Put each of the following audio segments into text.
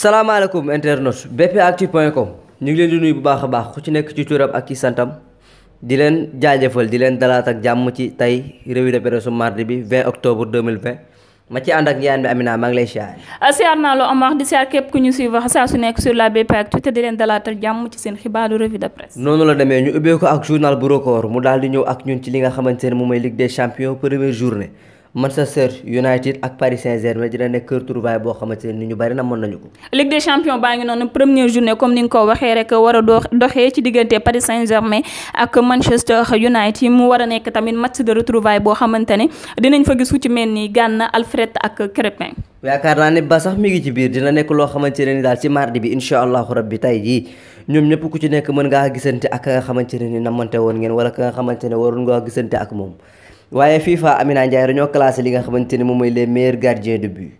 salaamaaleykum internet bpactu.com ñu ngi leen di nuyu bu baax a baax ku ci nekk ci turam ak ci santam di leen jaajëfal di leen dalaat ak jàmm ci tey revue de presse mardi bi 20 octobre 2020 ma ci ànd ak ñaan bi Amina maa ngi ah, naa loo Omar di siyaar képp ku ñu suivre saa su nekk sur la bpactu te di leen dalaat ak jàmm ci seen xibaaru revue de presse. noonu la demee ñu ubbee ko ak journal bu record mu daal di ñëw ak ñun ci li nga xamante ne moom mooy Ligue des champions Manchester United ak Paris Saint-Germain dina nekk kër trouvaille boo xamante ni ñu bari na mën nañu ko. Ligue des champions baa ngi noonu première journée comme ni nga ko waxee rek war a doxee ci diggante Paris Saint-Germain ak Manchester United mu war a nekk tamit match de retrouvaille boo xamante ne dinañ fa gisu ku ci mel ni Gana Alfred ak Crépin. yaakaar naa ne ba sax mi ngi ci biir dina nekk loo xamante ne ni daal ci mardi bi incha allahu rabbi tey jii ñoom ñëpp ku ci nekk mën ngaa gisante ak ka ne ni namante woon ngeen wala xamante ne waroon ngaa gisante ak moom. waaye FIFA Amina Ndiaye ñoo classé li nga xamante ni moom mooy les meilleurs gardiens de but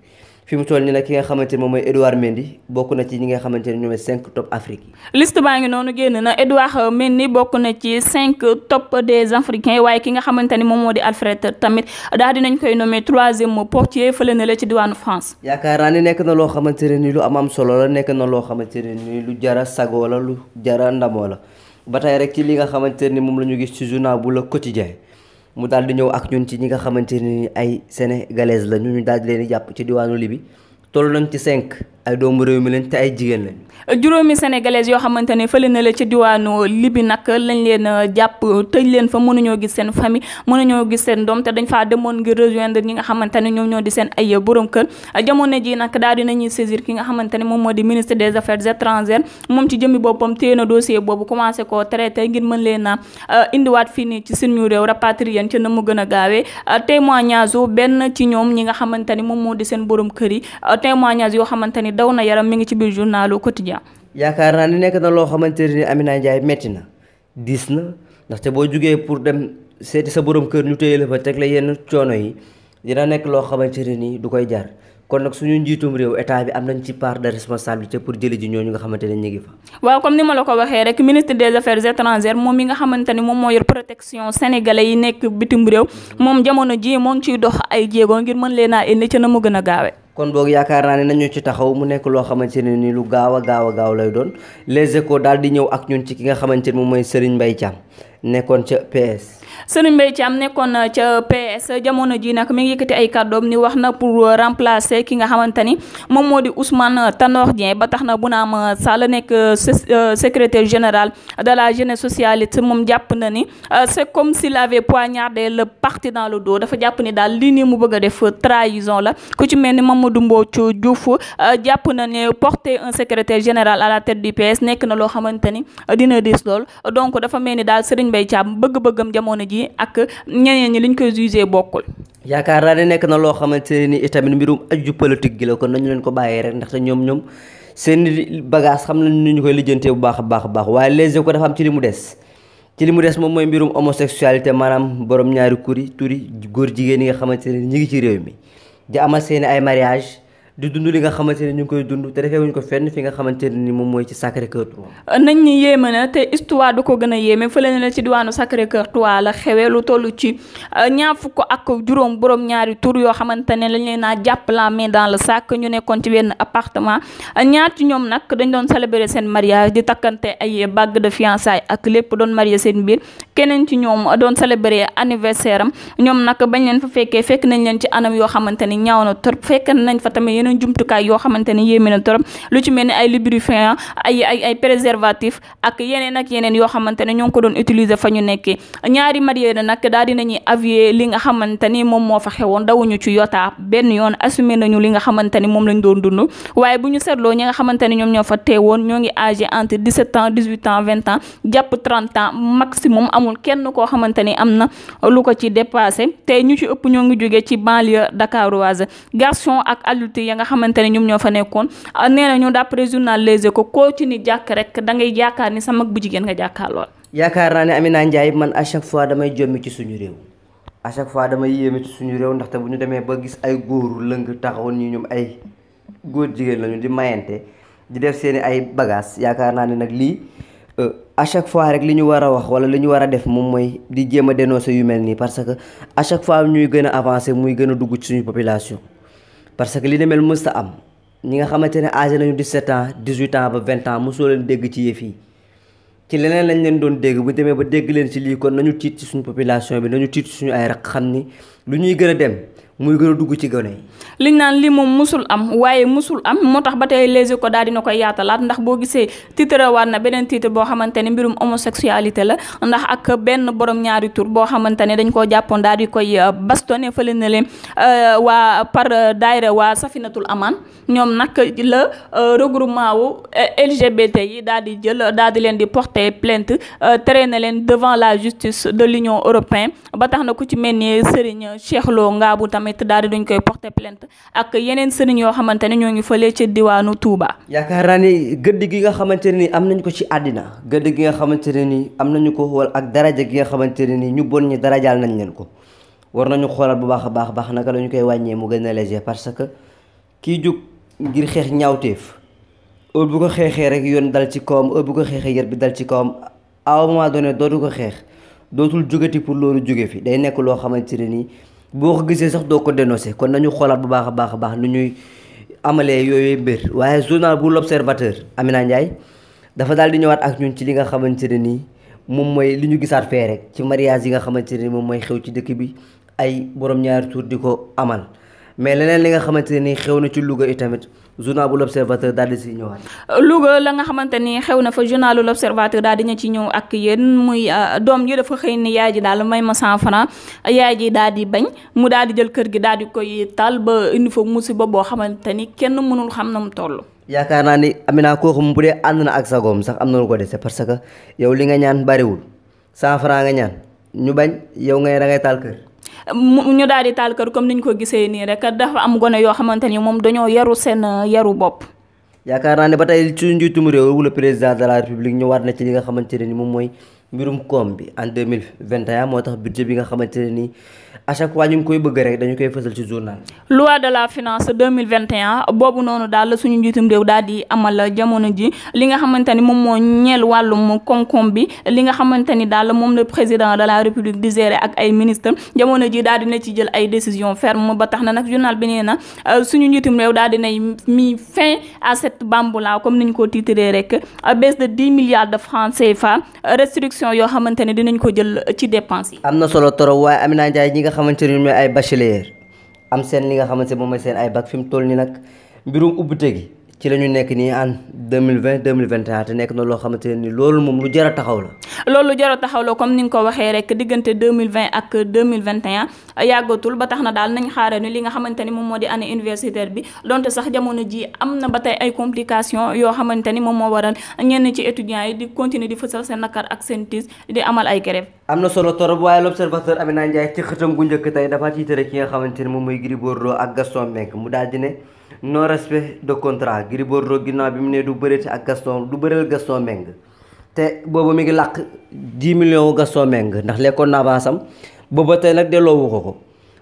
fi mu toll nii nag ki nga xamante ni moom mooy Edouard Mendy bokk na ci ñi nga xamante ni ñoom mooy cinq top Afrique yi. liste baa ngi noonu génn na Edouard Mendy bokk na cinq top des africains waaye ki nga xamante ni moom moo di Alfred tamit daal dinañ koy nommé troisième portier fële na la ci diwaanu France. yaakaar naa ni nekk na loo xamante ne ni lu am am solo la nekk na loo xamante ne ni lu jara sagoo la lu jara ndamoo la ba tey rek ci li nga xamante ni moom la ñu gis ci journal bu Le Quotidien. mu daal di ñëw ak ñun ci ñi nga xamante ni ay sénégalaise la ñu ñu daal di leen jàpp ci diwaanu Libi toll nañ ci 5 ay doomu réew mi lañ te ay jigéen lañ. juróomi sénégalaises yoo xamante ne fële na la ci diwaanu Libi nag lañ leen euh, jàpp tëj leen fa mënuñoo gis seen famille mënuñoo gis seen doom te dañ faa demoon ngir rejoindre ñi nga xamante ne ñoom ñoo di seen ay borom kër jamono ji nag daal dinañuy saisir ki nga xamante ne moom moo di ministre des affaires étrangères moom ci jëmmi boppam téye na dossier boobu commencé koo traité ngir mën leen a euh, indiwaat fii nii ci suñu réew rapatrier ci na mu gën a gaawee euh, témoignage ci ñoom ñi nga xamante ni moom moo di seen borom kër yi témoignage yoo xamante ni daw na yaram mi ngi ci biir journalu quotidien yaakaar naa ni nekk na loo xamante ni Amina Ndiaye metti na diis na ndaxte boo jugee pour dem seeti sa borom kër ñu téye la fa teg la yenn coono yi dina nekk loo xamante ne nii du koy jar kon nag suñu njiitum réew état bi am nañ ci part de responsabilité pour jëli ji ñooñu nga xamante ne ñu ngi fa. waaw comme ni ma la ko waxee rek ministre des affaires étrangères moom mi nga xamante ni moom moo yor protection sénégalais yi nekk bitim réew moom jamono ji moo ngi ciy dox ay jéego ngir mën leen a indi ca na mu gën a gaawee. kon boog yaakaar naa ne nañu ci taxaw mu nekk loo xamante ne ni lu gaaw a gaaw a gaaw lay doon les échos daal di ñëw ak ñun ci ki nga xamante ne moom mooy Serigne Mbaye Thiam nekkoon ca PS. Serigne Mbaye am nekkoon ca PS jamono ji nag mi ngi yëkkati ay kàddoom ni wax na pour euh, remplacer ki nga xamante ni moom moo di Ousmane Tanor Dieng ba tax na bu Bounama Sall nekk euh, euh, secretaire général de la jeunesse socialiste moom jàpp na ni c'est comme s'il avait poignardé le parti dans le do dafa jàpp ni daal lii nii mu bëgg a def trahison la ku ci mel ni ma Mamadou Mbow Diouf jàpp na ne porter un secretaire général à la tête du PS nekk na loo xamante ni dina diis lool Mbaye Thiam bëgg-bëggam jamono ji ak ñeneen ñi liñ koy jugé bokkul yaakaar naa ne nekk na loo xamante ne ni itamit mbirum aju politique gi la kon nañu leen ko bàyyee rek ndaxte ñoom ñoom seen bagage xam nañ nu ñu koy lijjantee bu baax a baax a baax waaye les ko dafa am ci li mu des ci li mu des moom mooy mbirum homosexualité maanaam borom ñaari kuri turi góor jigéen yi nga xamante ne ñi ngi ci réew mi di amal seeni ay mariage di dund li nga xamante ne ñu ngi koy dund te defee wuñ ko fenn fi nga xamante ne ni moom mooy ci Sacré Cœur 3. Euh, na te histoire du ko gën a yéeme fële na la ci diwaanu Sacré Cœur 3 la xewee lu tollu ci euh, ñaar fukk ak juróom borom ñaari tur yoo xamante ne lañ leen naa jàpp la main dans le sac ñu nekkoon ci wenn appartement euh, ñaar ci ñoom nag dañ doon célébrer seen mariage di takkante ay bague de fiançailles ak lépp doon marié seen biir keneen ci ñoom doon célébrer anniversaire am ñoom nag bañ leen fa fekkee fekk nañ leen ci anam yoo xamante ni ñaaw na trop fekk nañ fa tamit yeneen jumtukaay yoo ni yéeme na trop lu ci mel doon utiliser ñu nekkee ñaari marié na nag ni moom moo fa xewoon dawuñu ci yotaa benn yoon waaye bu ñu seetloo ñi nga xamante ni ñoom fa teewoon ñoo ngi âgé entre 17 ans 18 ans 20 ans jàpp 30 ans maximum amul kenn koo xamante ni am na lu ko ci dépassé tey ñu ci ëpp ñoo ngi jóge ci banlieue dakaroise garçon ak adulte ya nga xamante ne ñoom ñoo fa nekkoon ah, nee na ñu d'après journal Les ko koo ci ni jàkk rek da ngay yaakaar ni sa mag bu jigéen nga jàkkaar lool yaakaar naa ne Amina Ndiaye man à chaque fois damay jommi ci suñu réew à chaque fois damay yéeme ci suñu réew ndaxte bu ñu demee ba gis ay góoru lëng taxawoon nii ñoom ay góor jigéen lañu di mayante di def seeni ay bagages yaakaar naa ne nag lii Euh, à chaque fois rek li ñu war a wax wala li ñu war a def moom mooy di jéem a dénoncer yu mel nii parce que à chaque fois ñuy gën a avancer muy gën a dugg ci suñu population. parce que li demel mësta am ñi nga xamante ne âgé nañu 17 ans 18 ans ba 20 ans mosoo leen dégg ci yëf yi ci leneen lañ leen doon dégg bu demee ba dégg leen ci lii kon nañu tiit ci suñu population bi nañu tiit ci suñu ay raq xam ni lu ñuy gën a dem. muy gën dugg ci gone yi. liñ naan li moom musul am waaye musul am moo tax ba tey les ko daal na koy yaatalaat ndax boo gisee titre waan na beneen titre boo xamante ne mbirum homosexualité la ndax ak benn borom ñaari tur boo xamante ne dañ koo jàppoon daal di koy euh, bastonné fële na leen euh, waa par euh, daayira waa Safinatul Aman ñoom nag la regroupement wu LGBT yi daal di jël daal di leen di porter plainte traîner leen devant la justice de l'Union européenne ba tax na ku ci mel ni Serigne tamit daal di duñ koy porter plainte ak yeneen sëriñ yoo xamante ne ñoo ngi fële ca diwaanu Touba. yaakaar naa ni gëdd gi nga xamante nii am nañu ko ci àddina gëdd gi xamante ne ni am nañu ko wala ak daraja gi nga xamante ne ni ñu bon ñi darajaal nañ leen ko war nañu xoolal bu baax a baax baax naka la ñu koy wàññee mu gën a léger parce que kii jóg ngir xeex ñaawteef heure bu ko xeexee rek yoon dal ci kawam heure bu ko xeexee yër bi dal ci kawam à un moment donné dootu ko xeex dootul jógati pour loolu jóge fi day nekk loo xamante ne nii boo ko gisee sax doo ko dénoncé kon nañu xoolaat bu baax a baax a baax nu ñuy amalee yooyu mbir waaye journal bu l'observateur Amina Ndiaye dafa daal di ñëwaat ak ñun ci li nga xamante ne nii moom mooy li ñu gisaat fee rek ci mariage yi nga xamante ne moom mooy xew ci dëkk bi ay borom ñaari tur di ko amal. mais leneen li nga xamante ni xew na ci Louga itamit journal bu l'observateur daal di si ñëwaat. Louga la nga xamante ni xew na fa journal bu l'observateur daal di ci ñëw ak yéen muy euh, doom ji dafa xëy ni yaay ji daal may ma cent franc yaay ji daal di bañ mu daal di jël kër gi daal di koy taal ba indi foog fa musiba boo xamante ni kenn mënul xam na mu toll. yaakaar naa ni Amina kooku mu bu dee ànd na ak sagoom sax am na lu ko dese parce que yow li nga ñaan bariwul cent nga ñaan ñu bañ yow ngay da kër. ñu daal di taal kër comme ñu ko gisee nii rek dafa am gone yoo xamante ni moom dañoo yaru seen uh, yaru bopp. yaakaar naa ne ba tey ci njiitum réew wala président de la république war na ci li nga xamante ne ni moom mooy mbirum koom bi en 2021 moo tax budget bi nga xamante ne nii à chaque fois ñu ngi koy bëgg rek dañu koy fësal ci journal loi de la finance 2021 boobu noonu daal suñu njiitum réew daal di amal jamono ji li nga xamante ni moom moo ñeel wàllum koom-koom bi li nga xamante ni daal moom le président de la république di gérer ak ay ministre jamono ji daal dina ci jël ay décision ferme ba tax na nag journal bi nee na euh, suñu njiitum réew daal dinay mis fin à cette bamboula comme niñ ko titré rek euh, baisse de 10 milliards de francs instruction yoo xamante ne dinañ ko jël ci dépense yi. am na solo trop waaye Amina Ndiaye ñi nga xamante ne ñooy ay bachelier am seen li nga xamante ne moom mooy seen ay bac fi mu toll nii nag mbirum ubbite gi ci la ñu nekk nii en 2020 2021 te nekk na loo xamante ne ni loolu moom lu jar a taxaw la. loolu lu jar a taxaw la comme ni nga ko waxee rek diggante 2020 ak 2021 yàggatul ba tax na daal nañ xaare ni li nga xamante ni moom moo di année universitaire bi donte sax jamono ji am na ba tey ay complications yoo xamante ni moom moo waral ñenn ci étudiants yi di continuer di fësal seen nakar ak seen tiis ay grève am na solo torop waaye l'observateur Amina Ndiaye ci xëtam gu njëkk tey dafa tiitare ki nga xamante ne moom mooy Gris ak Gaston Mbengue mu daal di ne non respect de contrat Gris Bordeaux ginnaaw bi mu nee du bëreeti ak Gaston du bëreel Gaston Mbengue te booba mi ngi làq 10 millions Gaston meng ndax lekkoon na avance am booba tey nag delloowu ko ko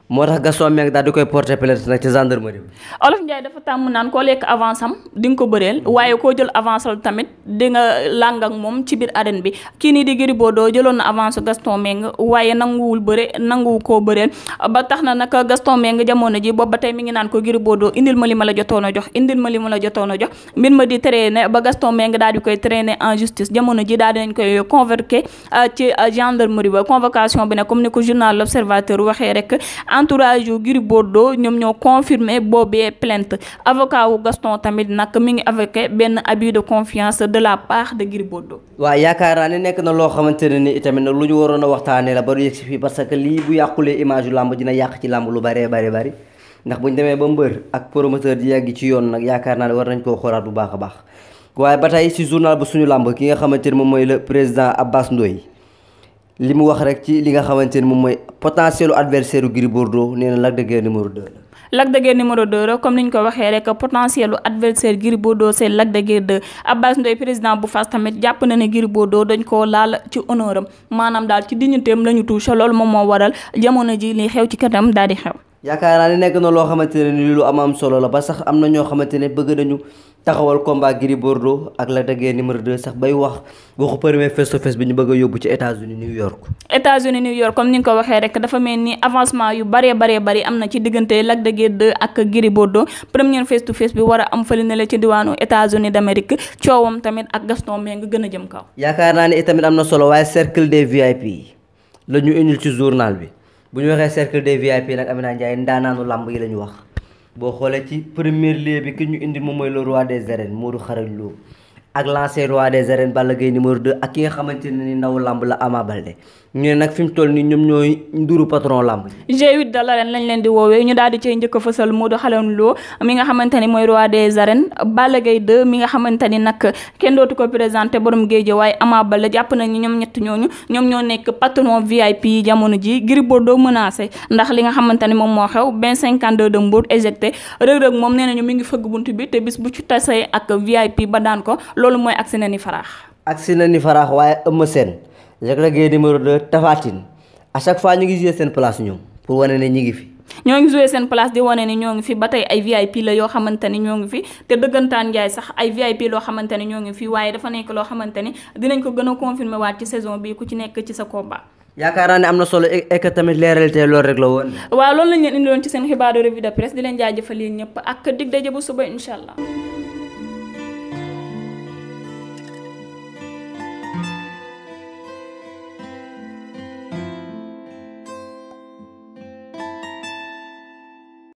moo tax Gaston Mbengue daal di koy porter plainte nag ci gendarmerie bi. Olof Ndiaye dafa tàmm naan koo lekk avance am di ko bëreel waaye koo jël avance al tamit di nga làng moom ci biir arène bi kii nii di Gris doo jëloon na avance Gaston Mbengue waaye nanguwul bëre nanguwu koo bëreel ba tax na nag Gaston Mbengue jamono ji boobu ba tey mi ngi naan ko Gris Bordeaux indil ma li ma la jotoon a jox indil ma li ma la jotoon a jox mbir ma di traîner ba Gaston Mbengue daal di koy traîner en jamono ji daal dinañ koy convoquer euh, ci euh, gendarmerie ba bi nag comme ni ko journal L'Observateur waxee rek. entourage yu Gris Bordeaux ñoom ñoo confirmé boobee plainte avocat wu Gaston tamit nag mu ngi avoqué benn abus de confiance de la part de Gris Bordeaux. waaw yaakaar naa ne nekk na loo xamante ne ni itamit nag lu ñu waroon a waxtaanee la ba yegg si fii parce que lii bu yàqulee image yu làmb dina yàq ci làmb lu bëree bare bëri ndax bu ñu demee ba mbër ak promoteur di yàgg ci yoon nag yaakaar naa ne war nañ koo xoolaat bu baax a baax waaye ba tey si journal bu suñu làmb ki nga xamante ne moom mooy le président Abbas Ndoye li mu wax rek ci li nga xamante ni moom mooy potentiel adversaire Gris Bordeaux nee na Lac de Guiers numéro 2 la. Lac de Guiers numéro 2 comme ni ñu ko waxee rek potentiel lu adversaire Gris Bordeaux c'est Lac de Guiers 2 Abbas Ndoye président bu Fass tamit jàpp na ne Gris Bordeaux dañ koo laal ci honneur maanaam daal ci dignitéem la ñu touché loolu moom moo waral jamono ji li xew ci kanam daal di xew. yaakaar naa ne nekk na loo xamante ne ni lu am am solo la ba sax am na ñoo xamante ne bëgg nañu. taxawal combat Gris Bordeaux ak Lac de Guiers de 2 sax bay wax waxu premier face to face bi ñu bëgg yóbbu ci États-Unis New York. États-Unis New York kon ni nga ko waxee rek dafa mel ni avancement yu baree baree bari am na ci diggante Lac de Guiers 2 ak Gris Bordeaux premier face to face bi war a am fële na la ci diwaanu États-Unis d'Amérique coowam tamit ak Gaston Mbengue gën a jëm kaw. yaakaar naa ne itamit am na solo waaye cercle des VIP la ñu indil ci journal bi bu ñu waxee cercle des VIP nag Amina Ndiaye ndaanaanu lamb yi la ñu wax. boo xoolee ci premier lieu bi ki ñu indi moom mooy le roi des arènes Modou Xarañ loo ak l'ancien roi des arènes Balla Gaye numéro 2 ak ki nga xamante ne ni la Ama Baldé ñu ne nag fi toll nii ñoom ñooy nduru patron lamb G8 de l'arène lañ leen di woowee ñu daal di cay njëkk a fësal Modou Xaragne Lo mi nga xamante ni mooy roi des arènes Balla Gaye 2 mi nga xamante ni nag kenn dootu ko présenté borom géej waaye Ama Baldé jàpp nañ ni ñoom ñett ñooñu ñoom ñoo nekk patron VIP yi jamono ji Gris Bordeaux menacé ndax li nga xamante ni moom moo xew benn 52 de Mbour moom nee nañu mi ngi bunt bi te bu ci tasee ak ba daan ko loolu mooy agsi na ni faraax. agsi na ni faraax waaye Eumeu Sène Lac de Guiers numéro 2 Tapha Tine chaque fois ñu ngi joué seen place ñoom pour wane ne ñu ngi fi. ñoo ngi joué seen place di wane ne ni ñoo ngi fi te dëggantaan njaay sax ay VIP loo xamante ni ñoo ngi fi waaye dafa nekk loo xamante ni dinañ ko gën a confirmer waat ci saison bi ku ci nekk ci sa combat. yaakaar naa ne am na solo et que tamit leeralité loolu rek la woon. waaw loolu lañ leen indiloon ci seen xibaaru revue de di leen jaajëfal yéen ñëpp